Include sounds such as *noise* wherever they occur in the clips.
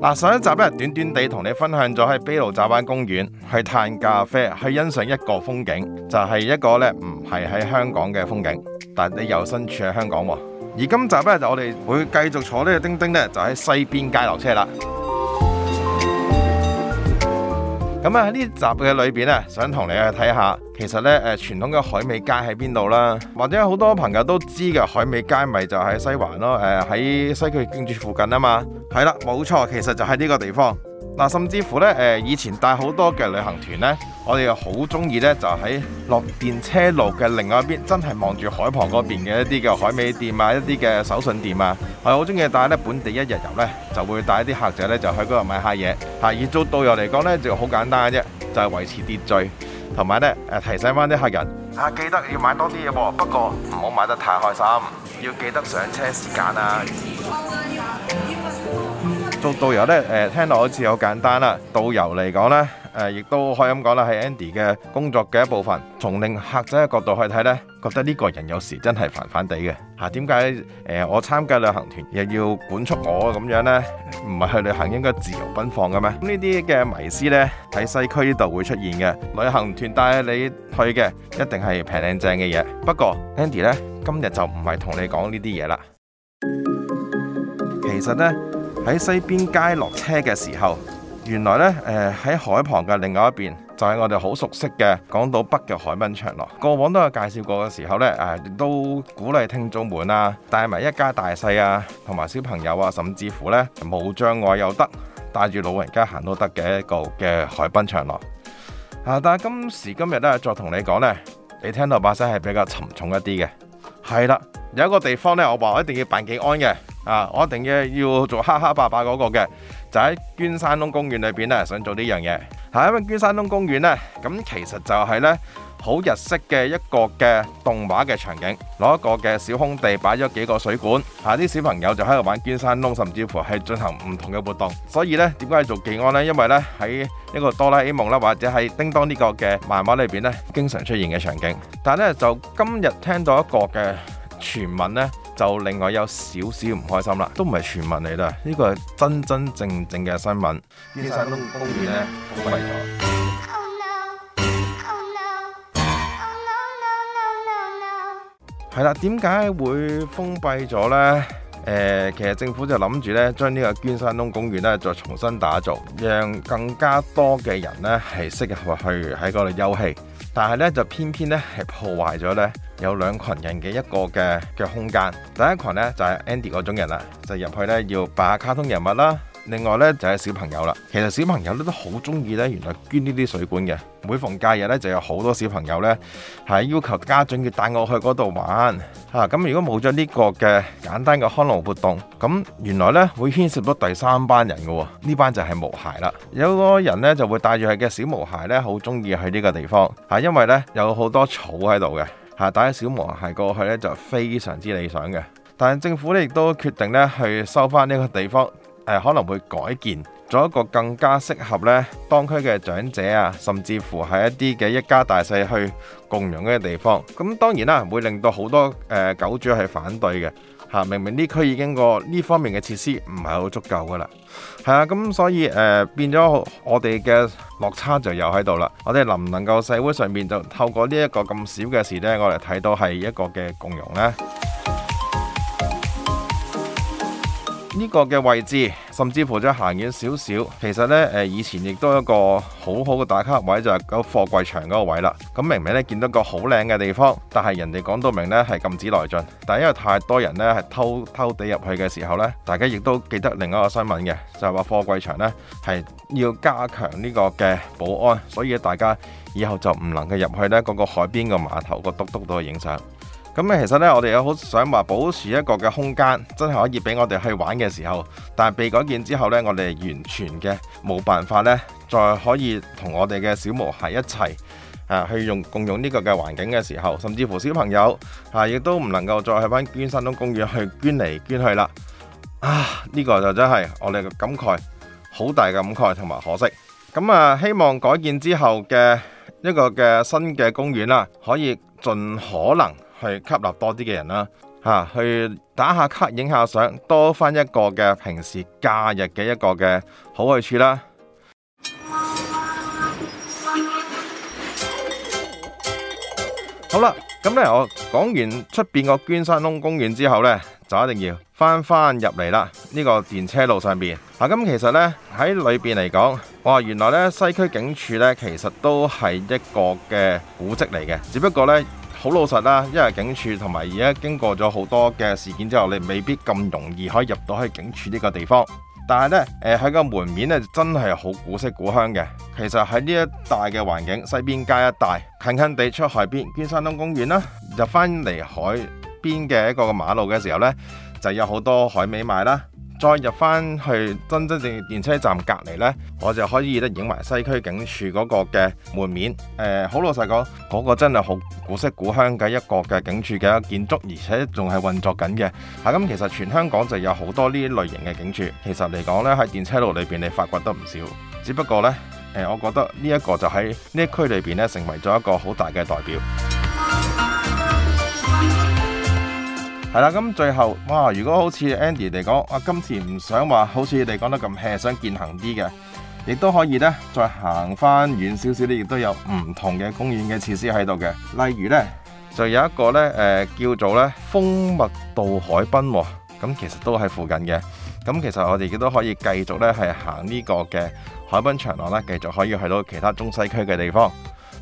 嗱，上一集咧短短地同你分享咗喺卑路乍灣公園去嘆咖啡，去欣賞一個風景，就係一個咧唔係喺香港嘅風景，但係你又身處喺香港。而今集咧就我哋會繼續坐呢個丁丁咧，就喺西邊街落車啦。咁喺呢集嘅裏面，咧，想同你去睇下，其實咧誒，傳統嘅海味街喺邊度啦？或者好多朋友都知嘅海味街咪就喺西環囉，喺、呃、西區警署附近啊嘛。係啦，冇錯，其實就喺呢個地方。嗱，甚至乎咧，誒，以前帶好多嘅旅行團呢，我哋又好中意呢，就喺落電車路嘅另外一邊，真係望住海旁嗰邊嘅一啲嘅海味店啊，一啲嘅手信店啊，係好中意。帶呢本地一日遊呢，就會帶一啲客仔呢，就喺嗰度買下嘢。吓，以做導遊嚟講呢，就好簡單嘅啫，就係、是、維持秩序，同埋呢，誒，提醒翻啲客人，吓、啊，記得要買多啲嘢，不過唔好買得太開心，要記得上車時間啊。做導遊呢，誒聽落好似好簡單啦。導遊嚟講呢，誒亦都可以咁講啦，係 Andy 嘅工作嘅一部分。從令客仔嘅角度去睇呢，覺得呢個人有時真係煩煩哋嘅。嚇，點解，誒我參加旅行團又要管束我咁樣呢？唔係去旅行應該自由奔放嘅咩？咁呢啲嘅迷思呢，喺西區呢度會出現嘅。旅行團帶你去嘅一定係平靚正嘅嘢。不過 Andy 呢，今日就唔係同你講呢啲嘢啦。其實呢。喺西邊街落車嘅時候，原來呢誒喺、呃、海旁嘅另外一邊，就係、是、我哋好熟悉嘅港島北嘅海濱長廊。過往都有介紹過嘅時候呢，誒、呃、都鼓勵聽眾們啊，帶埋一家大細啊，同埋小朋友啊，甚至乎呢，冇障礙又得，帶住老人家行都得嘅一個嘅海濱長廊。啊，但係今時今日呢，再同你講呢，你聽到把聲係比較沉重一啲嘅。係啦，有一個地方呢，我話我一定要辦幾安嘅。啊！我一定要要做哈哈霸霸嗰個嘅，就喺捐山窿公園裏邊咧，想做呢樣嘢。係因為捐山窿公園呢，咁其實就係呢好日式嘅一個嘅動畫嘅場景，攞一個嘅小空地擺咗幾個水管，係啲小朋友就喺度玩捐山窿，甚至乎係進行唔同嘅活動。所以呢，點解要做技安呢？因為呢，喺一個哆啦 A 夢啦，或者係叮當呢個嘅漫畫裏邊呢，經常出現嘅場景。但係呢，就今日聽到一個嘅傳聞呢。就另外有少少唔開心啦，都唔係傳聞嚟啦，呢個係真真正正嘅新聞。呢啲山東公寓封閉咗。係啦，點解會封閉咗呢？誒，其實政府就諗住咧，將呢個捐山窿公園咧再重新打造，讓更加多嘅人咧係適合去喺嗰度休息。但係咧就偏偏咧係破壞咗咧有兩群人嘅一個嘅嘅空間。第一群咧就係 Andy 嗰種人啦，就入去咧要擺卡通人物啦。另外呢，就係小朋友啦，其實小朋友咧都好中意呢，原來捐呢啲水管嘅。每逢假日呢，就有好多小朋友呢，係要求家長要帶我去嗰度玩吓。咁、啊、如果冇咗呢個嘅簡單嘅康樂活動，咁原來呢，會牽涉到第三班人嘅喎。呢班就係毛孩啦，有個人呢，就會帶住佢嘅小毛孩呢，好中意去呢個地方吓，因為呢，有好多草喺度嘅吓，帶住小毛孩過去呢，就非常之理想嘅。但係政府呢，亦都決定呢，去收翻呢個地方。誒，可能會改建做一個更加適合咧，當區嘅長者啊，甚至乎係一啲嘅一家大細去共融嘅地方。咁當然啦，會令到好多誒、呃、狗主係反對嘅。吓，明明呢區已經個呢方面嘅設施唔係好足夠噶啦，係啊。咁所以誒、呃、變咗我哋嘅落差就又喺度啦。我哋能唔能夠社會上面就透過呢一個咁少嘅事呢？我嚟睇到係一個嘅共融呢。呢個嘅位置，甚至乎再行遠少少，其實呢，誒以前亦都有一個好好嘅打卡位，就係嗰貨櫃場嗰個位啦。咁明明呢見到一個好靚嘅地方，但係人哋講到明呢係禁止內進。但係因為太多人呢係偷偷地入去嘅時候呢，大家亦都記得另一個新聞嘅，就係話貨櫃場呢係要加強呢個嘅保安，所以大家以後就唔能夠入去呢嗰個海邊個碼頭個督督度去影相。咁咧，其實咧，我哋又好想話保持一個嘅空間，真係可以俾我哋去玩嘅時候。但係被改建之後咧，我哋完全嘅冇辦法咧，再可以同我哋嘅小毛孩一齊啊，去用共用呢個嘅環境嘅時候，甚至乎小朋友啊，亦都唔能夠再去返捐山東公園去捐嚟捐去啦。啊，呢個就真係我哋嘅感慨，好大嘅感慨同埋可惜。咁啊，希望改建之後嘅一個嘅新嘅公園啦，可以盡可能，去吸納多啲嘅人啦、啊，吓、啊、去打下卡、影下相，多翻一個嘅平時假日嘅一個嘅好去處啦。 *music* 好啦，咁咧我講完出邊個捐山窿公園之後呢，就一定要翻翻入嚟啦呢個電車路上邊。啊，咁其實呢，喺裏邊嚟講，哇，原來呢，西區警署呢，其實都係一個嘅古蹟嚟嘅，只不過呢。好老實啦，因為警署同埋而家經過咗好多嘅事件之後，你未必咁容易可以入到去警署呢個地方。但係呢，誒喺個門面呢，真係好古色古香嘅。其實喺呢一帶嘅環境，西邊街一帶，近近地出海邊，捐山東公園啦，入翻嚟海邊嘅一個馬路嘅時候呢，就有好多海味賣啦。再入翻去真真正正電車站隔離呢，我就可以咧影埋西區警署嗰個嘅門面。誒、呃，好老實講，嗰、嗰個真係好古色古香嘅一個嘅警署嘅建築，而且仲係運作緊嘅。嚇、啊，咁其實全香港就有好多呢啲類型嘅警署。其實嚟講呢，喺電車路裏邊，你發掘得唔少。只不過呢，誒、呃，我覺得呢一,一個就喺呢一區裏邊咧，成為咗一個好大嘅代表。係啦，咁最後哇，如果好似 Andy 嚟講，我今次唔想話好似你哋講得咁 hea，想健行啲嘅，亦都可以咧再行翻遠少少咧，亦都有唔同嘅公園嘅設施喺度嘅。例如咧，就有一個咧誒、呃、叫做咧蜂蜜道海濱喎，咁、哦、其實都喺附近嘅。咁其實我哋亦都可以繼續咧係行這個呢個嘅海濱長廊啦，繼續可以去到其他中西區嘅地方。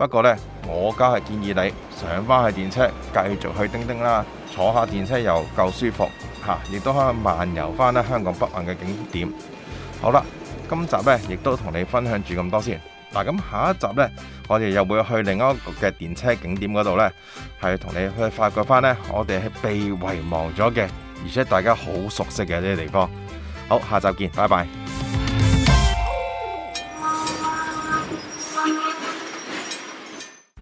不過呢，我家係建議你上返去電車，繼續去叮叮啦，坐下電車又夠舒服嚇，亦、啊、都可以漫遊翻啦香港北岸嘅景點。好啦，今集呢，亦都同你分享住咁多先。嗱，咁下一集呢，我哋又會去另一個嘅電車景點嗰度呢，係同你去發掘翻呢。我哋係被遺忘咗嘅，而且大家好熟悉嘅呢啲地方。好，下集見，拜拜。